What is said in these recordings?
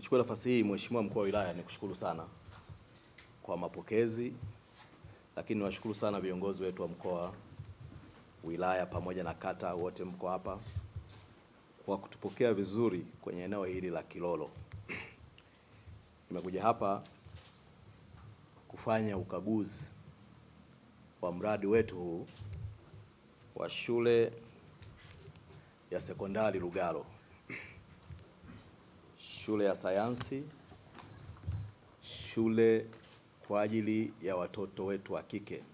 Nichukue nafasi hii Mheshimiwa mkuu wa wilaya, nikushukuru sana kwa mapokezi, lakini niwashukuru sana viongozi wetu wa mkoa, wilaya pamoja na kata, wote mko hapa kwa kutupokea vizuri kwenye eneo hili la Kilolo. Nimekuja hapa kufanya ukaguzi wa mradi wetu huu wa shule ya sekondari Lugalo shule ya sayansi, shule kwa ajili ya watoto wetu wa kike,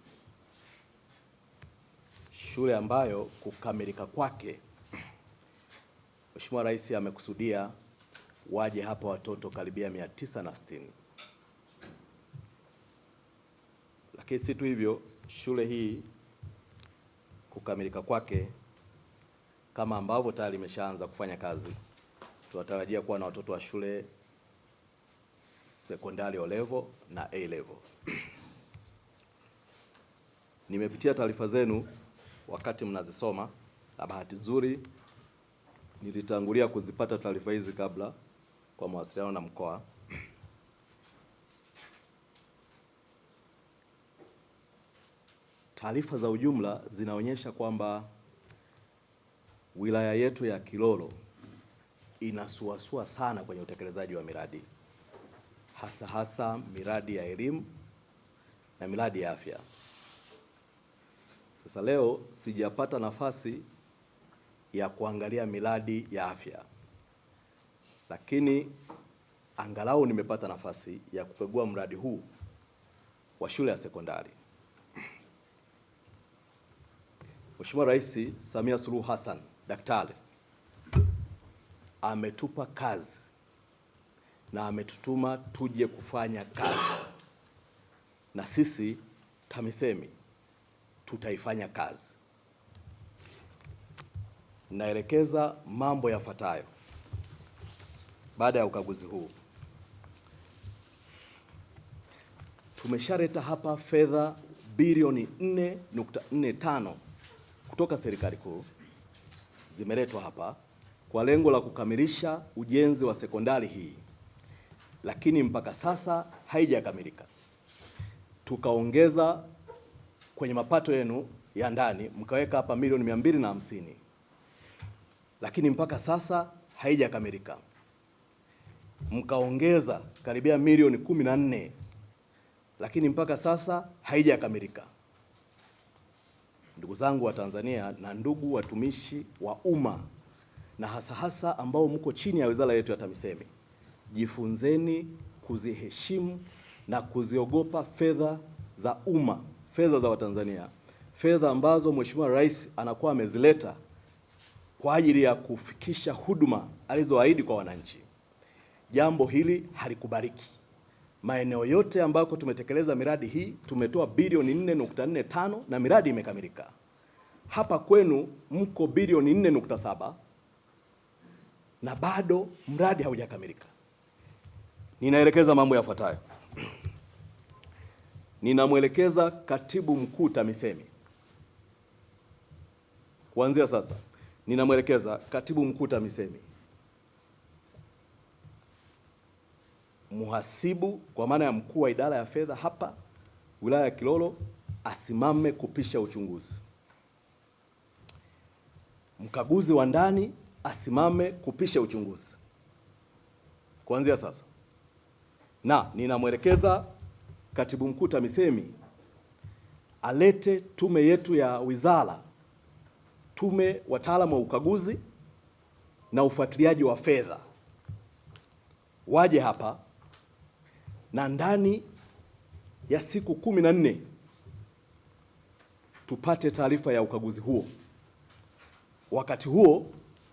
shule ambayo kukamilika kwake Mheshimiwa Rais amekusudia waje hapa watoto karibia mia tisa na sitini. Lakini si tu hivyo, shule hii kukamilika kwake kama ambavyo tayari imeshaanza kufanya kazi tunatarajia kuwa na watoto wa shule sekondari olevo na A level. Nimepitia taarifa zenu wakati mnazisoma, na bahati nzuri nilitangulia kuzipata taarifa hizi kabla kwa mawasiliano na mkoa. Taarifa za ujumla zinaonyesha kwamba wilaya yetu ya Kilolo inasuasua sana kwenye utekelezaji wa miradi hasa hasa miradi ya elimu na miradi ya afya. Sasa leo sijapata nafasi ya kuangalia miradi ya afya, lakini angalau nimepata nafasi ya kupegua mradi huu wa shule ya sekondari. Mheshimiwa Rais Samia Suluhu Hassan, daktari ametupa kazi na ametutuma tuje kufanya kazi, na sisi TAMISEMI tutaifanya kazi. Naelekeza mambo yafuatayo baada ya ukaguzi huu. Tumeshaleta hapa fedha bilioni 4.45 kutoka serikali kuu zimeletwa hapa kwa lengo la kukamilisha ujenzi wa sekondari hii, lakini mpaka sasa haijakamilika. Tukaongeza kwenye mapato yenu ya ndani mkaweka hapa milioni mia mbili na hamsini, lakini mpaka sasa haijakamilika. Mkaongeza karibia milioni kumi na nne, lakini mpaka sasa haijakamilika. Ndugu zangu wa Tanzania na ndugu watumishi wa umma na hasa hasa ambao mko chini ya wizara yetu ya TAMISEMI, jifunzeni kuziheshimu na kuziogopa fedha za umma, fedha za Watanzania, fedha ambazo Mheshimiwa Rais anakuwa amezileta kwa ajili ya kufikisha huduma alizoahidi kwa wananchi. Jambo hili halikubaliki. Maeneo yote ambako tumetekeleza miradi hii tumetoa bilioni 4.45 na miradi imekamilika. Hapa kwenu mko bilioni 4.7 na bado mradi haujakamilika. Ninaelekeza mambo yafuatayo. Ninamwelekeza katibu mkuu TAMISEMI kuanzia sasa, ninamwelekeza katibu mkuu TAMISEMI, muhasibu kwa maana ya mkuu wa idara ya fedha hapa wilaya ya Kilolo asimame kupisha uchunguzi, mkaguzi wa ndani asimame kupisha uchunguzi kuanzia sasa, na ninamwelekeza katibu mkuu TAMISEMI alete tume yetu ya wizara, tume wataalamu wa ukaguzi na ufuatiliaji wa fedha waje hapa na ndani ya siku kumi na nne tupate taarifa ya ukaguzi huo. Wakati huo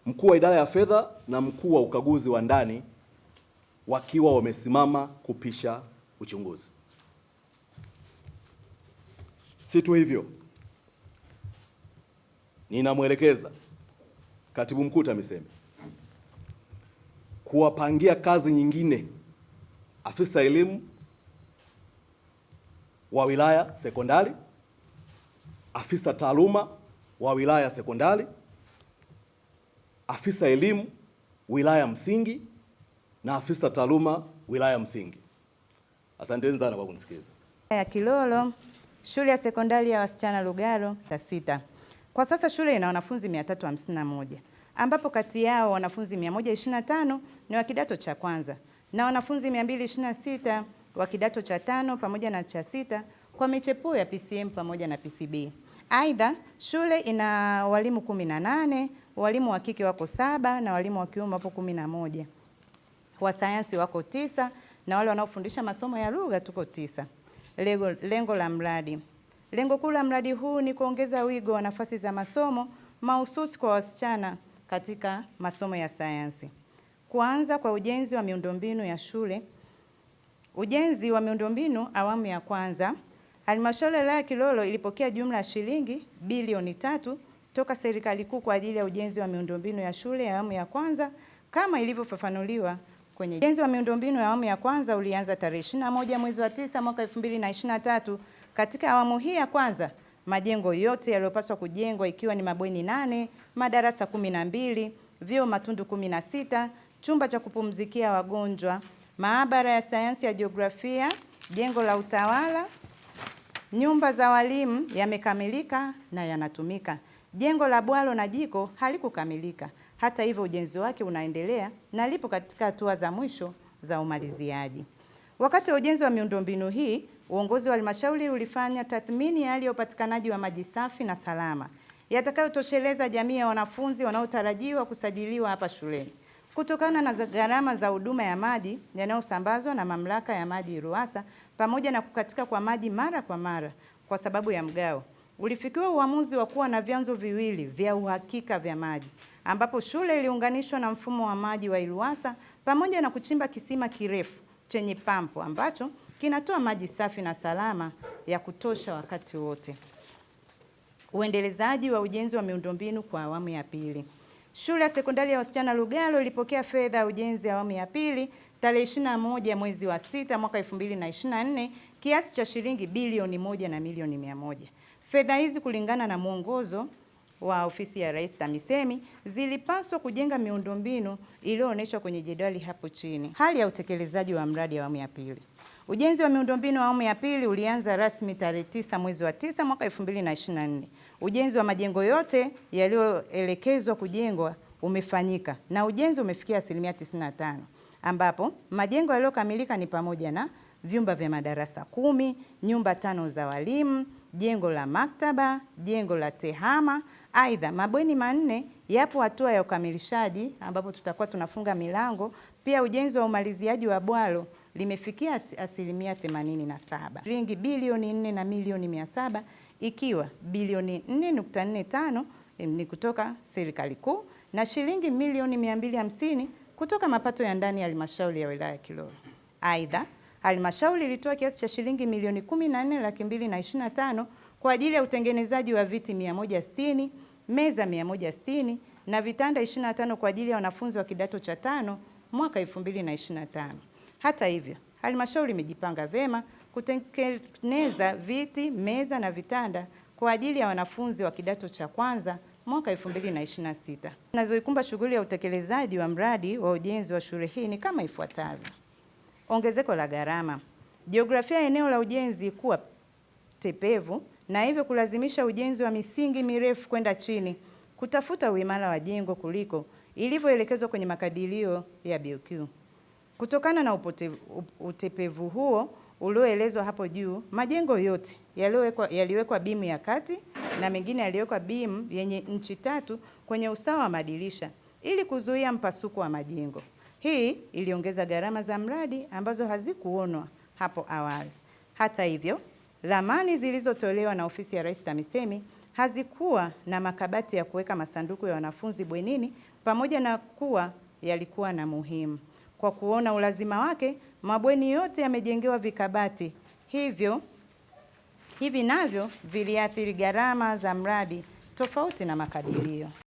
mkuu wa idara ya fedha na mkuu wa ukaguzi wa ndani wakiwa wamesimama kupisha uchunguzi. Si tu hivyo, ninamwelekeza katibu mkuu TAMISEMI kuwapangia kazi nyingine afisa elimu wa wilaya sekondari, afisa taaluma wa wilaya sekondari afisa elimu wilaya msingi na afisa taaluma wilaya msingi. Asanteni sana kwa kunisikiliza. ya Kilolo, shule ya sekondari ya wasichana Lugalo ya sita. Kwa sasa shule ina wanafunzi 351 ambapo kati yao wanafunzi 125 ni wa kidato cha kwanza na wanafunzi 226 wa kidato cha tano pamoja na cha sita kwa michepuo ya PCM pamoja na PCB. Aidha, shule ina walimu 18 Walimu wa kike wako saba na walimu wa kiume wapo kumi na moja. Wa sayansi wako tisa na wale wanaofundisha masomo ya lugha tuko tisa. Lengo, lengo la mradi. Lengo kuu la mradi huu ni kuongeza wigo wa nafasi za masomo mahususi kwa wasichana katika masomo ya sayansi. Kuanza kwa ujenzi wa miundombinu ya shule. Ujenzi wa miundombinu awamu ya kwanza. Halmashauri ya Wilaya ya Kilolo ilipokea jumla ya shilingi bilioni tatu toka Serikali Kuu kwa ajili ya ujenzi wa miundombinu ya shule ya awamu ya kwanza kama ilivyofafanuliwa kwenye ujenzi wa miundombinu ya awamu ya kwanza ulianza tarehe 21 mwezi wa 9 mwaka 2023. Katika awamu hii ya kwanza majengo yote yaliyopaswa kujengwa ikiwa ni mabweni nane, madarasa 12, vyoo matundu 16, chumba cha kupumzikia wagonjwa, maabara ya sayansi ya jiografia, jengo la utawala, nyumba za walimu yamekamilika na yanatumika. Jengo la bwalo na jiko halikukamilika. Hata hivyo, ujenzi wake unaendelea na lipo katika hatua za mwisho za umaliziaji. Wakati wa ujenzi wa miundombinu hii, uongozi wa halmashauri ulifanya tathmini ya hali ya upatikanaji wa maji safi na salama yatakayotosheleza jamii ya wanafunzi wanaotarajiwa kusajiliwa hapa shuleni. Kutokana na gharama za huduma ya maji yanayosambazwa na Mamlaka ya Maji RUWASA pamoja na kukatika kwa maji mara kwa mara kwa sababu ya mgao ulifikiwa uamuzi wa kuwa na vyanzo viwili vya uhakika vya maji ambapo shule iliunganishwa na mfumo wa maji wa Iluwasa pamoja na kuchimba kisima kirefu chenye pampu ambacho kinatoa maji safi na salama ya kutosha wakati wote. Uendelezaji wa ujenzi wa miundombinu kwa awamu ya pili. Shule ya sekondari ya wasichana Lugalo ilipokea fedha ya ujenzi awamu ya pili tarehe 21 mwezi wa sita mwaka 2024 kiasi cha shilingi bilioni moja na milioni mia moja. Fedha hizi kulingana na mwongozo wa ofisi ya Rais TAMISEMI zilipaswa kujenga miundombinu iliyoonyeshwa kwenye jedwali hapo chini. Hali ya utekelezaji wa mradi awamu ya pili. Ujenzi wa miundombinu awamu ya pili ulianza rasmi tarehe tisa mwezi wa tisa mwaka 2024. Ujenzi wa majengo yote yaliyoelekezwa kujengwa umefanyika na ujenzi umefikia asilimia 95, ambapo majengo yaliyokamilika ni pamoja na vyumba vya madarasa kumi, nyumba tano za walimu jengo la maktaba, jengo la tehama. Aidha, mabweni manne yapo hatua ya ukamilishaji ambapo tutakuwa tunafunga milango. Pia ujenzi wa umaliziaji wa bwalo limefikia asilimia 87, shilingi bilioni 4 na milioni mia saba ikiwa bilioni 4.45 ni kutoka serikali kuu na shilingi milioni 250 kutoka mapato ya ndani ya halmashauri ya wilaya ya Kilolo. Aidha Halmashauri ilitoa kiasi cha shilingi milioni kumi laki mbili na ishirini na tano kwa ajili ya utengenezaji wa viti 160, meza 160 na vitanda 25 kwa ajili ya wanafunzi wa kidato cha tano mwaka 2025. Hata hivyo, halmashauri imejipanga vema kutengeneza viti, meza na vitanda kwa ajili ya wanafunzi wa kidato cha kwanza mwaka 2026. Nazoikumba shughuli ya utekelezaji wa mradi wa ujenzi wa shule hii ni kama ifuatavyo ongezeko la gharama, jiografia ya eneo la ujenzi kuwa tepevu na hivyo kulazimisha ujenzi wa misingi mirefu kwenda chini kutafuta uimara wa jengo kuliko ilivyoelekezwa kwenye makadirio ya BOQ. Kutokana na upote, utepevu huo ulioelezwa hapo juu, majengo yote yaliwekwa bimu ya kati na mengine yaliwekwa bimu yenye nchi tatu kwenye usawa wa madirisha ili kuzuia mpasuko wa majengo. Hii iliongeza gharama za mradi ambazo hazikuonwa hapo awali. Hata hivyo, ramani zilizotolewa na ofisi ya Rais TAMISEMI hazikuwa na makabati ya kuweka masanduku ya wanafunzi bwenini, pamoja na kuwa yalikuwa na muhimu. Kwa kuona ulazima wake, mabweni yote yamejengewa vikabati, hivyo hivi navyo viliathiri gharama za mradi tofauti na makadirio.